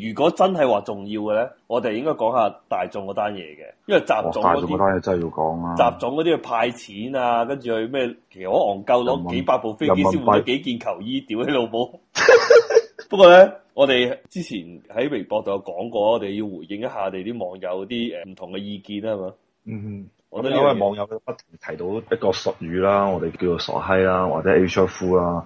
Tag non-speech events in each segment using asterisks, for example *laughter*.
如果真係話重要嘅咧，我哋應該講下大眾嗰單嘢嘅，因為習總嗰單嘢真係要講啊！習總嗰啲去派錢啊，跟住去咩？其實我戇鳩攞幾百部飛機先換咗幾件球衣，屌喺老母。 *laughs* *laughs* 不過咧，我哋之前喺微博度有講過，我哋要回應一下你啲網友啲誒唔同嘅意見啦，係嘛？嗯，我覺得因，因為網友不停提到一個術語啦，我哋叫做傻閪啦，或者 h o f 啦，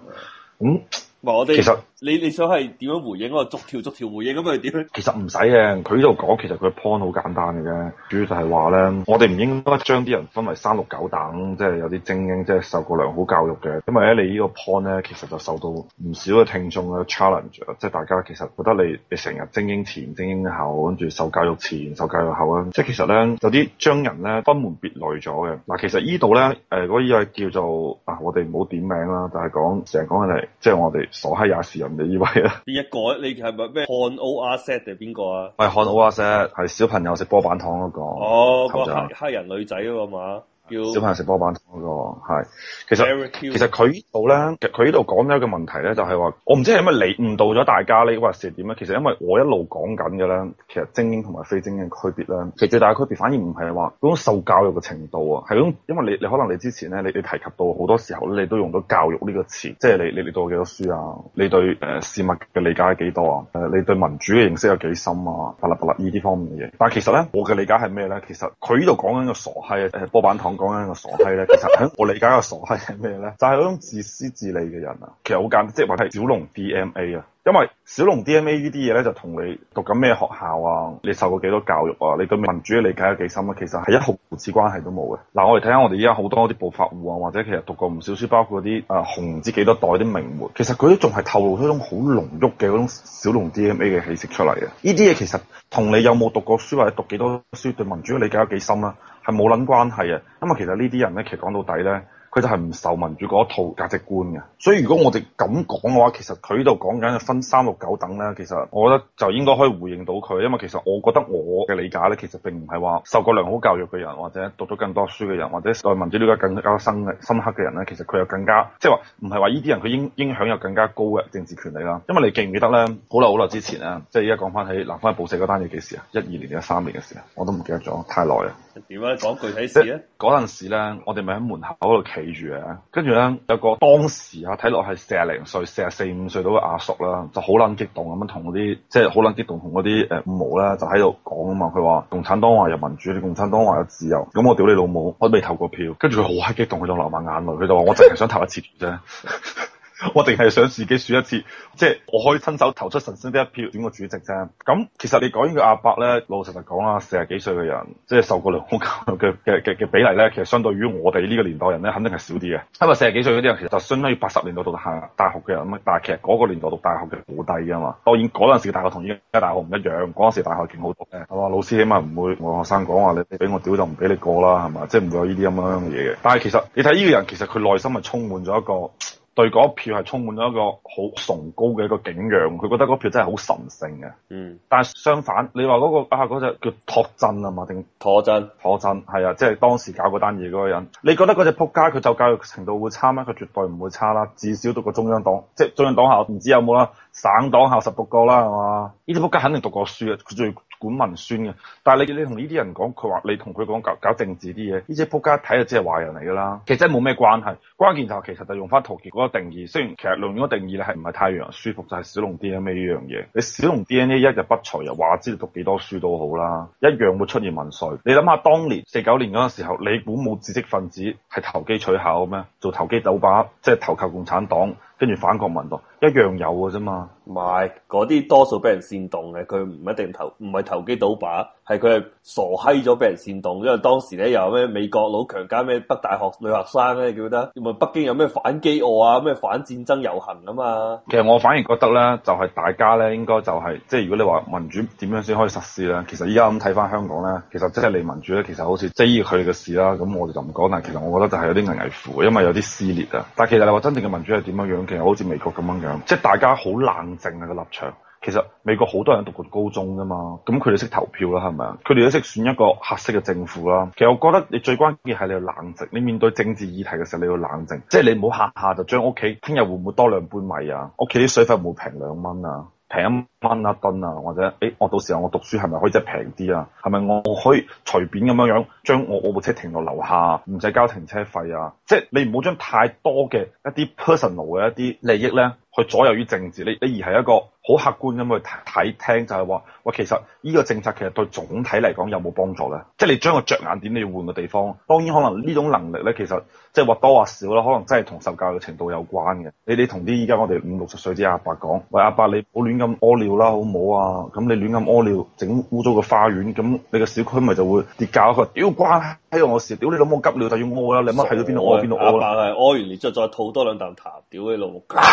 咁、嗯、我哋們其實。你你想係點樣回應？我逐條逐條回應咁啊？點樣？其實唔使嘅，佢呢度講其實佢嘅 point 好簡單嘅啫，主要就係話咧，我哋唔應該將啲人分為三六九等，即係有啲精英，即係受過良好教育嘅。因為咧，你個呢個 point 咧，其實就受到唔少嘅聽眾嘅 challenge，即係大家其實覺得你你成日精英前精英後，跟住受教育前受教育後啊，即係其實咧有啲將人咧分門別類咗嘅。嗱，其實依度咧誒，嗰、呃、位叫做啊，我哋唔好點名啦，就係講成日講緊係即係我哋傻閪也是人。你以為啊？邊一個？你係咪咩漢 O 阿 Set 定邊個啊？係漢 O 阿 Set，係小朋友食波板糖嗰個。哦，嗰個黑人女仔嗰個嘛。Thank 小朋友食波板糖個係，其實 Very cute. 其實佢呢度咧，佢呢度講咗一個問題咧，就係話我唔知係因為你誤導咗大家呢咧，話事點啊？其實因為我一路講緊嘅咧，其實精英同埋非精英區別咧，其實最大嘅區別反而唔係話嗰種受教育嘅程度啊，係咁，因為你你可能你之前咧，你你提及到好多時候你都用到教育呢個詞，即係你你你讀幾多書啊？你對誒、呃、事物嘅理解有幾多啊？誒、呃、你對民主嘅認識有幾深啊？巴啦巴啦呢啲方面嘅嘢，但係其實咧，我嘅理解係咩咧？其實佢呢度講緊個傻閪誒波板糖。講緊個傻閪咧，其實喺我理解嘅傻閪係咩咧？就係、是、嗰種自私自利嘅人啊！其實好簡單，即係話係小農 DNA 啊。因為小農 DNA 呢啲嘢咧，就同你讀緊咩學校啊，你受過幾多教育啊，你對民主嘅理解有幾深啊？其實係一毫子似關係都冇嘅。嗱、啊，我哋睇下我哋依家好多啲暴發戶啊，或者其實讀過唔少書，包括嗰啲誒紅唔知幾多代啲名門，其實佢都仲係透露出一種好濃郁嘅嗰種小農 DNA 嘅氣息出嚟啊！呢啲嘢其實同你有冇讀過書或者讀幾多書，對民主嘅理解有幾深啊？係冇撚關係嘅。咁啊，其實呢啲人咧，其實講到底咧，佢就係唔受民主嗰套價值觀嘅。所以如果我哋咁講嘅話，其實佢度講緊分三六九等咧。其實我覺得就應該可以回應到佢，因為其實我覺得我嘅理解咧，其實並唔係話受過良好教育嘅人，或者讀咗更多書嘅人，或者對民主了解更加深深刻嘅人咧，其實佢又更加即係話唔係話呢啲人佢應應享有更加高嘅政治權利啦。因為你記唔記得咧？好耐好耐之前啊，即係而家講翻起南方報社嗰單嘢幾時啊？一二年定三年嘅事啊？我都唔記得咗，太耐啦～點啊樣？講具體事咧。嗰陣時咧，我哋咪喺門口嗰度企住啊。跟住咧，有個當時啊，睇落係四十零歲、四十四五歲到嘅阿叔啦，就好捻激動咁樣同嗰啲，即係好捻激動同嗰啲誒五毛咧，就喺度講啊嘛。佢話共產黨話有民主，你共產黨話有自由。咁我屌你老母，我都未投過票。跟住佢好嗨激動，佢仲流埋眼淚。佢就話我淨係想投一次票啫。 *laughs* 我淨係想自己選一次，即係我可以親手投出神仙的一票選個主席啫。咁其實你講緊呢個阿伯咧，老老實實講啦，四十幾歲嘅人，即係受過良好教育嘅嘅嘅嘅比例咧，其實相對於我哋呢個年代人咧，肯定係少啲嘅。因為四十幾歲嗰啲人其實就相當於八十年代讀下大學嘅人咁，但係其實嗰個年代讀大學嘅好低㗎嘛。當然嗰陣時嘅大學同依家大學唔一樣，嗰陣時大學勁好多嘅。係嘛，老師起碼唔會同學生講話你，你俾我屌就唔俾你過啦，係嘛，即係唔會有呢啲咁樣嘅嘢嘅。但係其實你睇呢個人，其實佢內心係充滿咗一個。對嗰票係充滿咗一個好崇高嘅一個景仰，佢覺得嗰票真係好神聖嘅。嗯，但係相反，你話嗰、嗰個啊隻、嗰、叫托真啊嘛定？妥真？妥真係啊，即係當時搞嗰單嘢嗰個人。你覺得嗰隻仆街佢就教育程度會差咩？佢絕對唔會差啦，至少都個中央黨，即係中央黨校我唔知有冇啦。省黨校十六個啦，係嘛？呢啲仆街肯定讀過書啊，佢仲要管文宣嘅。但係你你同呢啲人講，佢話你同佢講搞搞政治啲嘢，呢啲仆街睇就只係壞人嚟噶啦。其實冇咩關係，關鍵就係、其實就用翻陶傑嗰個定義。雖然其實論嗰個定義咧係唔係太讓人舒服，就係小龍 DNA 呢樣嘢。你小龍 DNA 一日不除，又話知你讀幾多書都好啦，一樣會出現民粹。你諗下當年四九年嗰個時候，你估冇知識分子係投機取巧咩？做投機倒把，即係投靠共產黨。跟住反國民黨一樣有嘅啫嘛。唔係，嗰啲多數俾人煽動嘅，佢唔一定投，唔係投機倒把，係佢係傻閪咗俾人煽動。因為當時咧又有咩美國佬強姦咩北大學女學生咧，叫得，唔係北京有咩反饑餓啊，咩反戰爭遊行啊嘛。其實我反而覺得咧，就係、是、大家咧，應該就係、是、即係如果你話民主點樣先可以實施咧，其實依家咁睇翻香港咧，其實即係你民主咧，其實好似遮住佢嘅事啦。咁我哋就唔講，但其實我覺得就係有啲危危乎，因為有啲撕裂啊。但其實你話真正嘅民主係點樣樣嘅？其實好似美國咁樣樣，即係大家好冷。政嘅個立場，其實美國好多人讀過高中㗎嘛，咁佢哋識投票啦，係咪啊？佢哋都識選一個合適嘅政府啦。其實我覺得你最關鍵係你要冷靜，你面對政治議題嘅時候你要冷靜，即係你唔好下下就將屋企聽日會唔會多兩杯米啊，屋企啲水費會唔會平兩蚊啊，平一蚊一噸啊，或者誒、欸、我到時候我讀書係咪可以即係平啲啊？係咪我可以隨便咁樣樣將我我部車停到樓下，唔使交停車費啊？即係你唔好將太多嘅一啲 personal 嘅一啲利益咧。去左右於政治，你你而係一個。好客觀咁去睇聽就係話，喂，其實呢個政策其實對總體嚟講有冇幫助咧？即係你將個着眼點，你要換個地方，當然可能呢種能力咧，其實即係或多或少啦，可能真係同受教育程度有關嘅。你你同啲依家，我哋五六十歲啲阿伯講，喂阿伯，你唔好亂咁屙尿啦，好唔好啊？咁你亂咁屙尿，整污糟個花園，咁你個小區咪就，就會跌價咯。佢話，屌關我事，屌你老母急尿就要屙啦，你乜睇到邊度屙邊度屙啦？但係屙完你之後再再吐多兩啖痰，屌你老母！ *laughs* *laughs*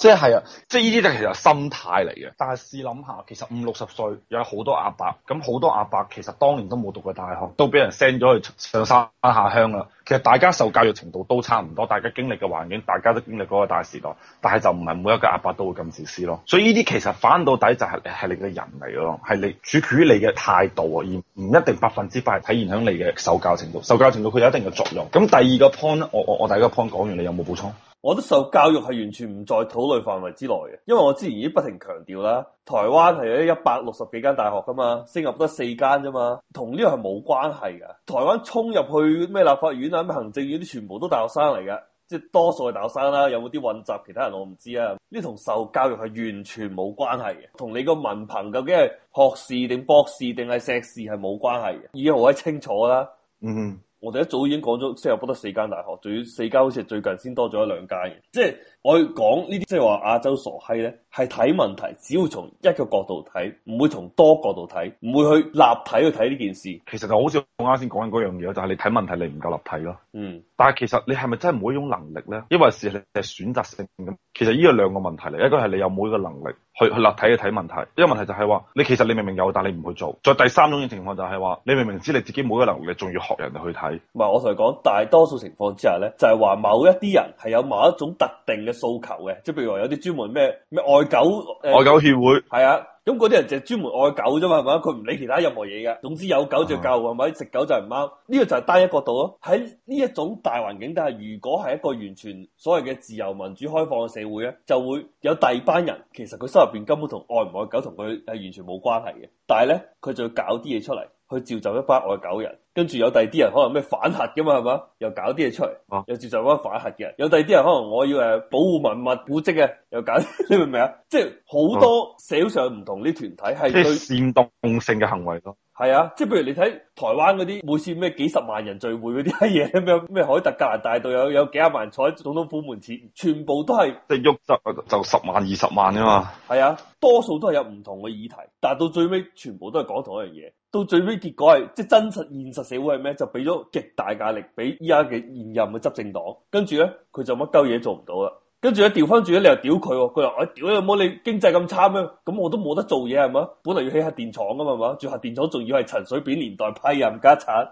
即係啊，即係呢啲就其實心態嚟嘅。但係試諗下，其實五六十歲有好多阿伯，咁好多阿伯其實當年都冇讀過大學，都俾人 send 咗去上山下鄉啦。其實大家受教育程度都差唔多，大家經歷嘅環境，大家都經歷嗰個大時代，但係就唔係每一個阿伯都會咁自私咯。所以呢啲其實反到底就係、係、係你嘅人嚟嘅咯，係你處處於你嘅態度而唔一定百分之百係體現喺你嘅受教程度。受教程度佢有一定嘅作用。咁第二個 point，我我我第一個 point 講完，你有冇補充？我覺得受教育係完全唔在討論範圍之內嘅，因為我之前已經不停強調啦，台灣係有一百六十幾間大學噶嘛，升入得四間啫嘛，同呢個係冇關係嘅。台灣衝入去咩立法院啊、咩行政院啲，全部都大學生嚟嘅，即係多數係大學生啦，有冇啲混雜其他人我唔知啊，呢同受教育係完全冇關係嘅，同你個文憑究竟係學士、定博士、定係碩士係冇關係嘅，已經好鬼清楚啦。嗯哼。我哋一早已經講咗，新加坡得四間大學，四間好似最近先多咗一兩間嘅，即係。我講呢啲即係話亞洲傻閪呢，係睇問題，只會從一個角度睇，唔會從多角度睇，唔會去立體去睇呢件事。其實就好似我啱先講緊嗰樣嘢，就係、是、你睇問題你唔夠立體咯。嗯。但係其實你係咪真係冇呢種能力呢？抑或係你係選擇性咁？其實呢個兩個問題嚟，一個係你有冇呢個能力去去立體去睇問題。一個問題就係話你其實你明明有，但你唔去做。再第三種情況就係話你明明知你自己冇呢個能力，仲要學人哋去睇。唔係，我同你講，大多數情況之下呢，就係、是、話某一啲人係有某一種特定嘅。訴求嘅，即係譬如話有啲專門咩咩愛狗誒，呃、愛狗協會係啊，咁嗰啲人就專門愛狗啫嘛，係嘛，佢唔理其他任何嘢嘅。總之有狗就救，係咪、啊？食狗就唔啱，呢、這個就係單一角度咯。喺呢一種大環境底下，如果係一個完全所謂嘅自由民主開放嘅社會咧，就會有第二班人，其實佢心入邊根本同愛唔愛狗同佢係完全冇關係嘅，但係咧佢就要搞啲嘢出嚟去照就一班愛狗人。跟住有第二啲人可能咩反核嘅嘛，係嘛？又搞啲嘢出嚟，又接受翻反核嘅。有第二啲人可能我要誒保護文物古跡啊，又搞。你明唔明啊？即係好多社會上唔同啲團體係對煽動共性嘅行為咯。係啊，即係譬如你睇台灣嗰啲每次咩幾十萬人聚會嗰啲閪嘢，咩咩凱達格蘭大道有有幾廿萬人坐喺總統府門前，全部都係即係喐就就十萬二十萬啊嘛。係啊，多數都係有唔同嘅議題，但係到最尾全部都係講同一樣嘢。到最尾結果係即係真實現現實。社會係咩？就俾咗極大壓力俾依家嘅現任嘅執政黨，跟住咧佢就乜鳩嘢做唔到啦。跟住咧調翻轉咧，你又、啊啊、屌佢，佢話我屌你，冇你經濟咁差咩、啊？咁我都冇得做嘢係嘛？本嚟要起下核電廠啊嘛，嘛，做下核電廠仲要係陳水扁年代批任家產，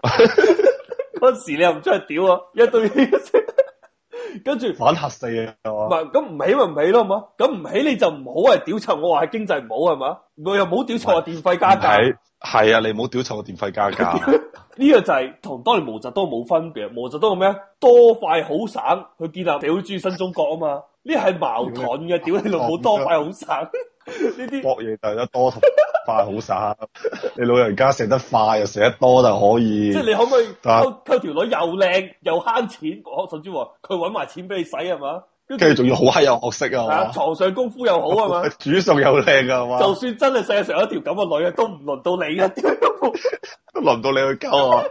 嗰 *laughs* 時你又唔出去屌我，一對 *laughs* 跟住反核四啊！唔係咁唔起咪唔起咯，咁唔起你就唔好嚟屌臭。我話係經濟唔好係嘛？我又冇屌臭電費加價。係啊，你冇屌臭我電費加價。呢 *laughs* 個就係同當年毛澤東冇分別。毛澤東係咩多快好省去建立社會主義新中國啊嘛？呢係矛盾嘅，屌你老母多快好省！ *laughs* 呢啲這 *laughs* 博嘢就得多同快好省， *laughs* 你老人家食得快又食得多就可以。即係 *laughs* *laughs* 你可唔可以溝溝條女又靚又慳錢？甚至話，佢搵埋錢俾你使係嘛？跟住仲要好嗨又學識啊！床上功夫好 *laughs* 又好啊嘛，煮食又靚啊嘛。 *laughs* 就算真係世界上有一條咁嘅女啊，都唔輪到你啊， *laughs* *laughs* *laughs* 都輪唔到你去溝啊！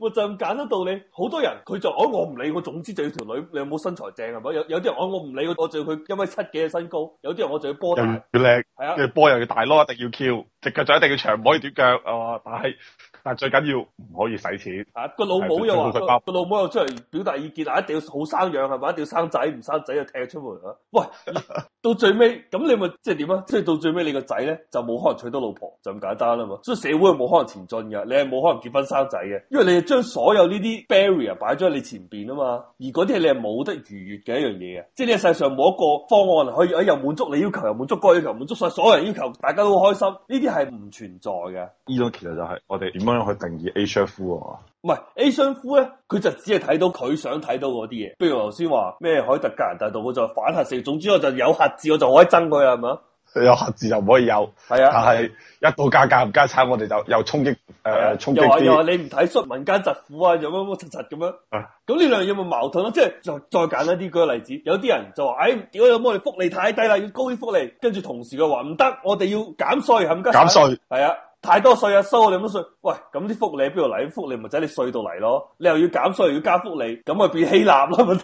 我就咁揀得到你，好多人佢就，哦，我唔理，我總之就要條女，你有冇身材正係咪？有，有啲人，哦，我唔理，我就要佢一米七幾嘅身高，有啲人我就要波大，又要靚，係啊，要波又要大咯，一定要翹，隻腳就一定要長，唔可以短腳啊，但係。哦但係最緊要唔可以使錢。啊，個老母又話，是個老母又出嚟表達意見啊！一定要好生養係嘛，一定要生仔，唔生仔就踢出門。喂， *laughs* 到最尾咁你咪即係點啊？即係到最尾你個仔咧就冇可能娶到老婆，就咁簡單啦嘛。所以社會係冇可能前進㗎，你係冇可能結婚生仔嘅，因為你係將所有呢啲 barrier 擺咗喺你前邊啊嘛。而嗰啲係你係冇得逾越嘅一樣嘢嘅。即係你喺世上冇一個方案可以、哎、又滿足你要求，又滿足個要求，滿足晒所有人要求，大家都好開心，呢啲係唔存在嘅。呢種其實就係我哋點樣？去定義 A 商夫啊？唔係 A 商夫咧，佢就只係睇到佢想睇到嗰啲嘢。不如頭先話咩凱達格蘭大道，我就反核四。總之我就有核字，我就可以憎佢係咪啊？有核字就唔可以有，係啊。但係一到價格加差，我哋就又衝擊誒衝擊。又話你唔睇出民間疾苦啊？又乜乜柒柒咁樣啊？咁呢兩樣咪矛盾咯？即係再再簡單啲舉個例子，有啲人就話：哎，點解我哋福利太低啦？要高啲福利。跟住同時嘅話唔得，我哋要減稅，係咪？減稅係啊。太多稅啊，收我哋咁多稅？喂，咁啲福利喺邊度嚟？啲福利咪就喺你稅度嚟咯。你又要減稅，又要加福利，咁咪變希臘啦？咪、就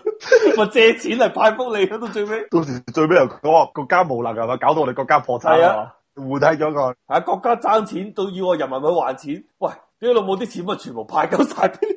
是、 *laughs* *laughs* 借錢嚟派福利咯？到最尾， *laughs* 到時最尾又嗰個國家無能，係嘛，搞到我哋國家破產？係嘛、啊。互睇咗個，係國家爭錢，都要我人民去還錢。喂，啲老母啲錢咪全部派夠晒俾你。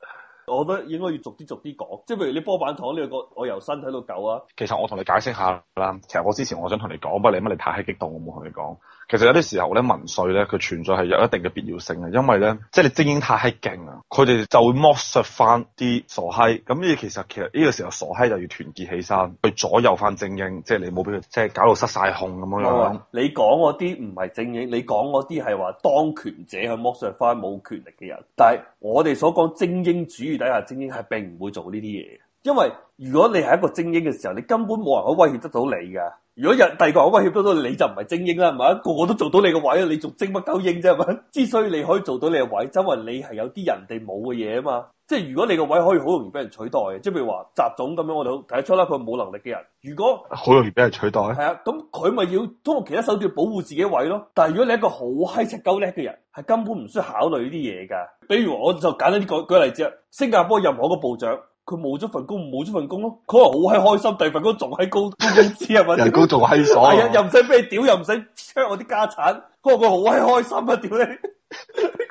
*laughs* 我覺得應該要逐啲逐啲講，即係譬如你波板糖呢、這個，我由身睇到舊啊。其實我同你解釋下啦，其實我之前我想同你講，不過你乜你太激動，我冇同你講。其實有啲時候咧，民粹咧，佢存在係有一定嘅必要性嘅。因為咧，即係你精英太係勁啦，佢哋就會剝削翻啲傻閪。咁呢，其實其實呢個時候傻閪就要團結起身，去左右翻精英，即係你冇俾佢，即係搞到失晒控咁樣樣。你講嗰啲唔係精英，你講嗰啲係話當權者去剝削翻冇權力嘅人。但係我哋所講精英主義底下，精英係並唔會做呢啲嘢。因為如果你係一個精英嘅時候，你根本冇人可以威脅得到你噶。如果人第二個咁話協都都，你就唔係精英啦，係咪？個個都做到你個位，你仲精乜鳩英啫？係咪？之所以你可以做到你個位，因為你係有啲人哋冇嘅嘢啊嘛。即係如果你個位可以好容易被人取代嘅，即係譬如話習總咁樣，我哋睇得出啦，佢冇能力嘅人，如果好容易俾人取代咧，係啊，咁佢咪要通過其他手段保護自己位咯。但係如果你係一個好閪石鳩叻嘅人，係根本唔需要考慮呢啲嘢㗎。比如我就簡單啲舉舉例子啊，新加坡任何一個部長。佢冇咗份工，冇咗份工咯。佢話好閪開心，第二份工仲喺高高工資啊，人工仲閪爽。係啊，又唔使俾你屌，又唔使 check 我啲家產。佢話佢好閪開心啊，屌你！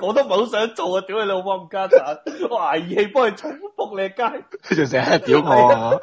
我都唔係好想做啊，屌你老母家產！我捱義氣幫你重復你街，佢仲成日屌我。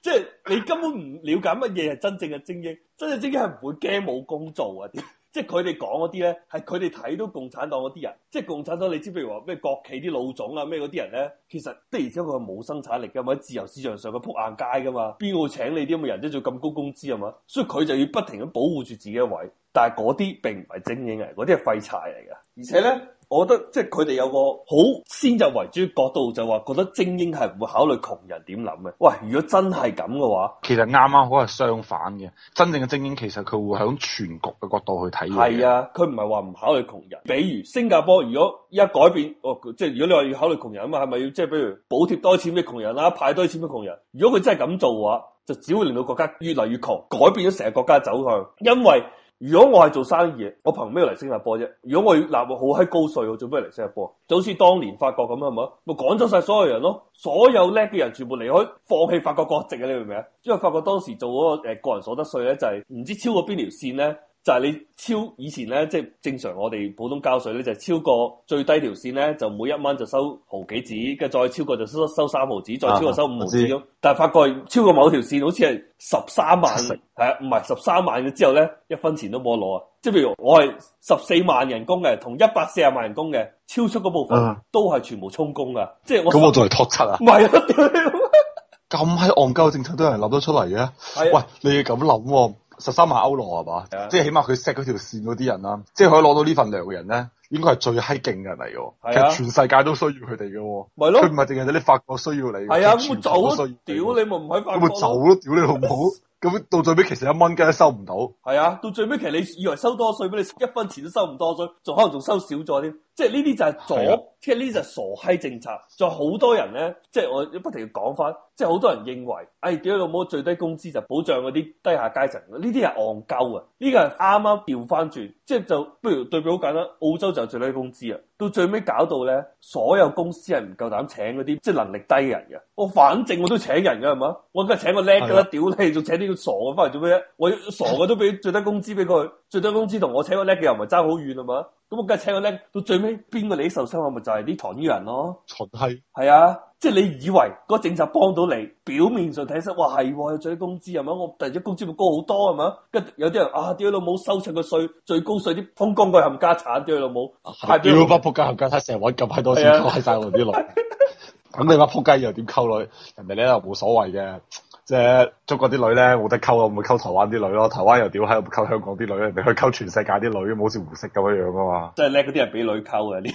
即係你根本唔了解乜嘢係真正嘅精英，真正精英係唔會驚冇工做啊！即係佢哋講嗰啲咧，係佢哋睇到共產黨嗰啲人，即係共產黨。你知譬如話咩國企啲老總啊，咩嗰啲人咧，其實的而且確佢係冇生產力㗎，喺自由市場上佢仆硬街噶嘛，邊會請你啲咁嘅人即做咁高工資啊嘛？所以佢就要不停咁保護住自己嘅位。但係嗰啲並唔係精英嚟，嗰啲係廢柴嚟㗎。而且咧。我覺得即係佢哋有個好先入為主角度，就話覺得精英係唔會考慮窮人點諗嘅。喂，如果真係咁嘅話，其實啱啱好個係相反嘅。真正嘅精英其實佢會響全局嘅角度去睇嘅。係啊，佢唔係話唔考慮窮人。比如新加坡，如果一改變哦，即係如果你話要考慮窮人啊嘛，係咪要即係比如補貼多啲錢俾窮人啦，派多啲錢俾窮人？如果佢真係咁做嘅話，就只會令到國家越嚟越窮，改變咗成個國家走向，因為。如果我係做生意，我憑咩嚟新加坡啫？如果我越南，我好喺高稅，我做咩嚟新加坡？就好似當年法國咁啊，係咪？咪趕走晒所有人咯，所有叻嘅人全部離開，放棄法國國籍，你明唔明啊？因為法國當時做嗰個誒個人所得稅咧，就係唔知超過邊條線咧。就係你超以前咧，即係正常我哋普通交稅咧，就係、是、超過最低條線咧，就每一蚊就收毫幾子，跟住再超過就收收三毫子，再超過收五毫子咁。啊、但係發覺超過某條線，好似係十三萬係啊，唔係十三萬嘅之後咧，一分錢都冇得攞啊！即係譬如我係十四萬人工嘅，同一百四十萬人工嘅，超出嗰部分都係全部充公噶，即係我咁我仲係托柒啊！唔、嗯、係十啊，咁閪戇鳩嘅政策都有人諗得出嚟嘅，啊、喂，你要咁諗。十三萬歐羅係嘛，即係起碼佢 set 嗰條線嗰啲人啦，即係可以攞到份呢份糧嘅人咧，應該係最閪勁嘅人嚟嘅，Yeah. 其實全世界都需要佢哋嘅，咪咯，佢唔係淨係你法國需要你，係啊 Yeah.，咁咪走咯，屌你咪唔喺法國，咪走咯，屌你好唔好？ *laughs* 咁到最尾其實一蚊雞都收唔到。係啊，到最尾其實你以為收多稅，俾你一分錢都收唔多稅，仲可能仲收少咗添。即係呢啲就係左，啊、即係呢就係傻閪政策。仲有好多人咧，即係我不停要講翻，即係好多人認為，誒屌老母，最低工資就保障嗰啲低下階層。呢啲係戇鳩啊！呢個係啱啱調翻轉，即係就不如對比好簡單，澳洲就係最低工資啊。到最尾搞到呢，所有公司係唔夠膽請嗰啲即係能力低的人嘅。我反正我都請人嘅，係嘛？我而家請一個叻嘅啦，屌你的，仲請啲咁傻嘅返嚟做咩？我要傻嘅都俾最低工資俾佢。最低工資同我請個叻嘅又唔係爭好遠啊嘛，咁我梗係請個叻。到最尾邊個你受傷，我咪就係啲糖衣人咯。純係係啊，即係你以為個政策幫到你，表面上睇得出，哇係最低工資，係咪？我突然之間工資會高好多，係咪？跟有啲人啊，屌老母收上個稅，最高稅啲瘋光佢，冚家產屌老母。啊啊、屌老母，不撲街冚家產，成日揾咁快多錢，拉晒我啲女。咁你唔撲街又點溝女？人哋咧又冇所謂嘅。即係中國啲女咧冇得溝，我咪溝台灣啲女咯。台灣又屌喺度溝香港啲女，人哋去溝全世界啲女，咁好似胡適咁樣樣噶嘛。 *laughs* *laughs* 即係叻嗰啲人俾女溝啊啲。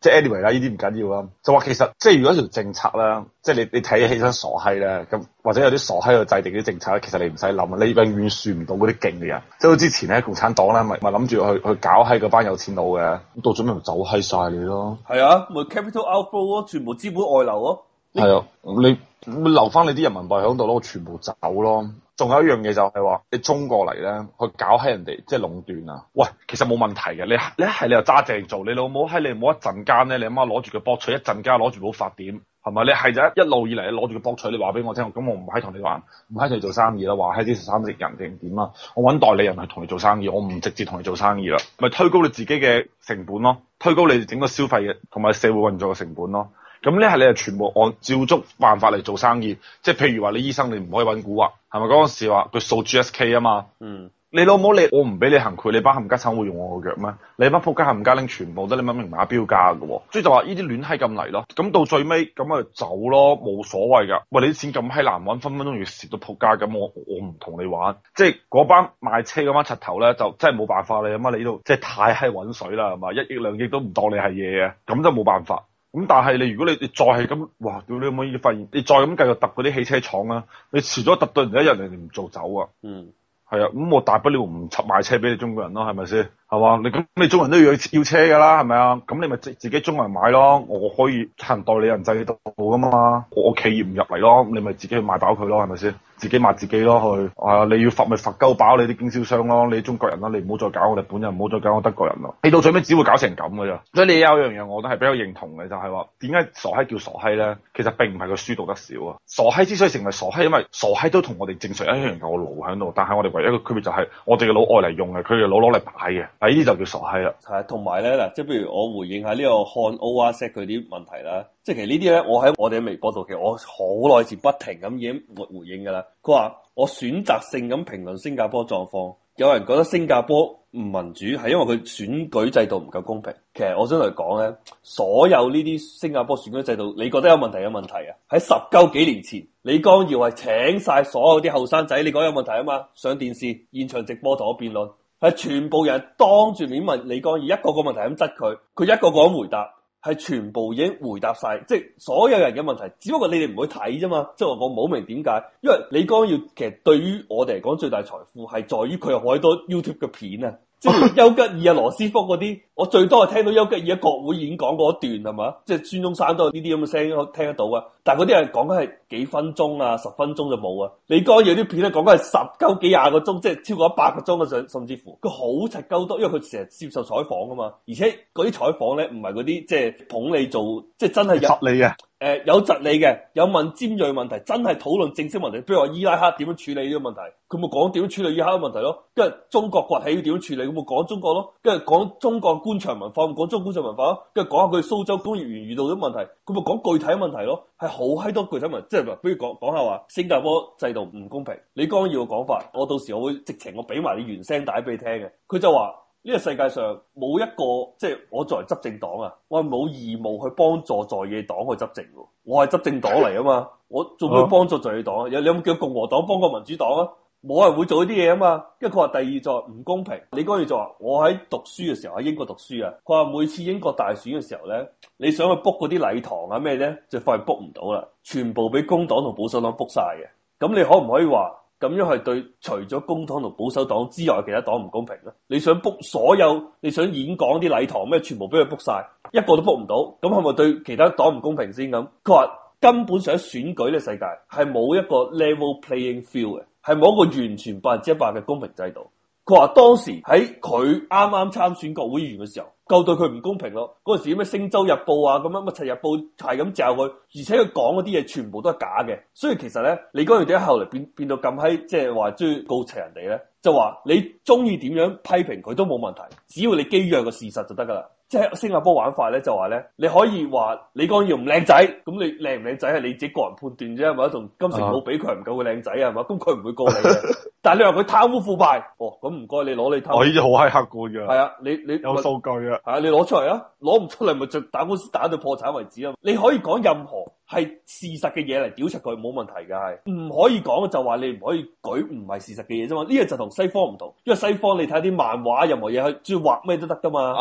即係 anyway 啦，呢啲唔緊要啊。就話其實即係如果條政策啦，即係你你睇起身傻閪咧，咁或者有啲傻閪去制定啲政策咧，其實你唔使諗，你永遠算唔到嗰啲勁嘅人。即係之前咧共產黨咧咪咪諗住去去搞喺嗰班有錢佬嘅，到最後咪走閪晒你咯。係啊，咪 capital outflow 咯，全部資本外流咯。係啊，你留翻你啲人民幣喺度咯，我全部走咯。仲有一樣嘢就係話，你中國嚟咧，去搞喺人哋，即係壟斷啊。喂，其實冇問題嘅。你你一係你又揸正做，你老母喺你冇一陣間咧，你阿媽攞住個博取，一陣間攞住冇發點，係咪？你係就一路以嚟攞住個博取，你話俾我聽，咁我唔喺同你玩，唔喺同你做生意啦。話喺啲十三億人定點啊？我揾代理人去同你做生意，我唔直接同你做生意啦，咪推高你自己嘅成本咯，推高你整個消費嘅同埋社會運作嘅成本咯。咁呢？係你係全部按照足辦法嚟做生意，即係譬如話你醫生你唔可以揾股啊，係咪嗰陣時話佢掃 GSK 啊嘛？嗯，你老母你我唔俾你行佢，你班冚家鏟會用我個藥咩？你班仆街冚家拎全部都你搵明碼標價噶喎，所以就話呢啲亂閪咁嚟咯。咁到最尾咁啊走咯，冇所謂噶。喂，你啲錢咁閪難揾，分分鐘要蝕到仆街，咁我我唔同你玩。即係嗰班賣車嗰班柒頭咧，就真係冇辦法你阿嘛？你呢度即係太閪揾水啦，係嘛？一億兩億都唔當你係嘢呀，咁就冇辦法。咁但係你如果你再係咁，哇！屌你可唔可以發現，你再咁繼續揼嗰啲汽車廠啊？你遲早揼到唔有一日你唔做走啊！嗯，係啊，咁我大不了唔買車俾你中國人咯，係咪先？係嘛？你咁你中人都要要車㗎啦，係咪啊？咁你咪自自己中人買咯，我可以行代理人制度㗎嘛。我企業唔入嚟咯，你咪自己去買飽佢咯，係咪先？自己買自己咯，去啊！你要罰咪罰鳩飽你啲經銷商咯，你中國人啦，你唔好再搞我哋本人，唔好再搞我德國人咯。企到最尾只會搞成咁㗎啫。所以你有一樣嘢我都係比較認同嘅，就係話點解傻閪叫傻閪咧？其實並唔係佢書讀得少啊。傻閪之所以成為傻閪，因為傻閪都同我哋正常一,一樣有腦喺度，但係我哋唯一,一個區別就係、是、我哋嘅腦愛嚟用嘅，佢嘅腦攞嚟擺嘅。喺呢就叫傻閪啦，同埋咧嗱，即係譬如我回應下呢個漢奧瓦石佢啲問題啦，即係其實呢啲咧，我喺我哋嘅微博度，其實我好耐前不停咁已經回回應噶啦。佢話我選擇性咁評論新加坡狀況，有人覺得新加坡唔民主係因為佢選舉制度唔夠公平。其實我想同你講咧，所有呢啲新加坡選舉制度，你覺得有問題，有問題啊？喺十九幾年前，李光耀係請晒所有啲後生仔，你覺得有問題啊嘛？上電視現場直播同我辯論。係全部人當住面問李光耀，一個個問題咁質佢，佢一個個咁回答，係全部已經回答晒，即係所有人嘅問題，只不過你哋唔會睇啫嘛。即係話我冇明點解，因為李光耀其實對於我哋嚟講最大財富係在於佢有好多 YouTube 嘅片啊，即係丘吉爾啊羅斯福嗰啲，我最多係聽到丘吉爾喺國會演講嗰段係嘛，即係孫中山都有呢啲咁嘅聲音聽得到啊，但係嗰啲人講緊係幾分鐘啊，十分鐘就冇啊！李剛嘅啲片咧講緊係十九幾廿個鐘，即係超過一百個鐘嘅上，甚至乎佢好柒鳩多，因為佢成日接受採訪㗎嘛。而且嗰啲採訪咧唔係嗰啲即係捧你做，即係真係有窒你嘅。誒、呃、有窒你嘅，有問尖鋭問題，真係討論正式問題，譬如話伊拉克點樣處理呢個問題，佢咪講點樣處理伊拉克問題咯？跟住中國崛起要點樣處理，咁咪講中國咯？跟住講中國官場文化，咪講中國官場文化咯？跟住講下佢蘇州工業園遇到啲問題，佢咪講具體問題，具體問題咯？係好閪多具體問題，即係話不如講講下話新加坡制度唔公平。李光耀嘅講法，我到時我會直情我俾埋你原聲帶俾你聽嘅。佢就話呢個世界上冇一個即係、就是、我作為執政黨啊，我冇義務去幫助在野黨去執政。我係執政黨嚟啊嘛，我仲會幫助在野黨啊？有你有冇叫共和黨幫過民主黨啊？冇人會做呢啲嘢啊嘛，因為佢話第二座唔公平。你講完就話我喺讀書嘅時候喺英國讀書啊。佢話每次英國大選嘅時候咧，你想去 book 嗰啲禮堂啊咩咧，就發現 book 唔到啦，全部俾工黨同保守黨 book 晒嘅。咁你可唔可以話咁樣係對除咗工黨同保守黨之外其他黨唔公平咧？你想 book 所有你想演講啲禮堂咩，全部俾佢 book 晒，一個都 book 唔到，咁係咪對其他黨唔公平先咁？佢話根本上喺選舉嘅世界係冇一個 level playing field 嘅。係冇一個完全百分之一百嘅公平制度。佢話當時喺佢啱啱參選國會議員嘅時候，夠對佢唔公平咯。嗰陣時啲咩星洲日報啊，咁樣乜《赤日報》係咁嚼佢，而且佢講嗰啲嘢全部都係假嘅。所以其實咧，李光耀點解後嚟變變到咁閪，即係話中意告齊人哋咧？就話你中意點樣批評佢都冇問題，只要你基於係個事實就得噶啦。即係新加坡玩法咧，就話咧，你可以話李光耀唔靚仔，咁你靚唔靚仔係你自己個人判斷啫，係咪？同金城武比佢唔夠佢靚仔啊，係嘛？咁佢唔會過嚟嘅。 *laughs* 但你話佢貪污腐敗，哦，咁唔該你攞你貪。我已經好閪客觀嘅。係啊，你你有數據啊？係啊，你攞出嚟啊！攞唔出嚟咪就打官司打到破產為止啊！你可以講任何係事實嘅嘢嚟屌柒佢冇問題嘅，係唔可以講就話你唔可以舉唔係事實嘅嘢啫嘛。呢個就同西方唔同，因為西方你睇啲漫畫，任何嘢去鍾意畫咩都得噶嘛。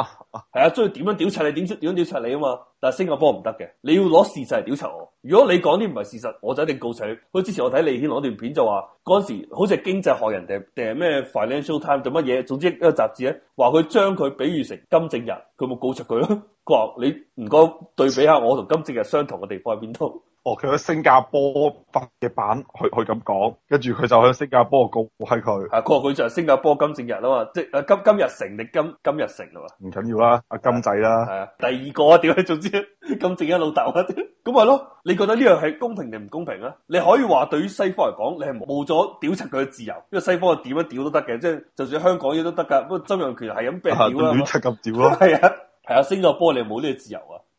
係啊，鍾意、啊、點、啊、樣屌柒你點點樣，樣屌柒你啊嘛。但係新加坡唔得嘅，你要攞事實嚟屌柒我。如果你講啲唔係事實，我就一定告曬你。好似之前我睇李顯龍嗰段片就話嗰陣時好似經濟學人定定係咩 Financial Times 定乜嘢，總之一個雜誌咧。話佢將佢比喻成金正日，佢冇告出佢咯。佢話：你唔該對比下我同金正日相同嘅地方喺邊度？哦，佢喺新加坡發嘅版，去佢咁講，跟住佢就喺新加坡告喺佢，啊，佢佢就係新加坡金正日啊嘛，即係金金日成，定金金日成啦嘛，唔緊要啦，阿金仔啦，係啊，啊，第二個啊，點啊，總之金正一老豆啊，咁咪咯，你覺得呢樣係公平定唔公平啊？你可以話對於西方嚟講，你係冇咗屌查佢嘅自由，因為西方係點樣屌都得嘅，即係就算香港嘢都得㗎，不過曾蔭權係咁俾人屌啦，亂柒咁屌啦，係啊，係啊，新加坡你冇呢個自由啊。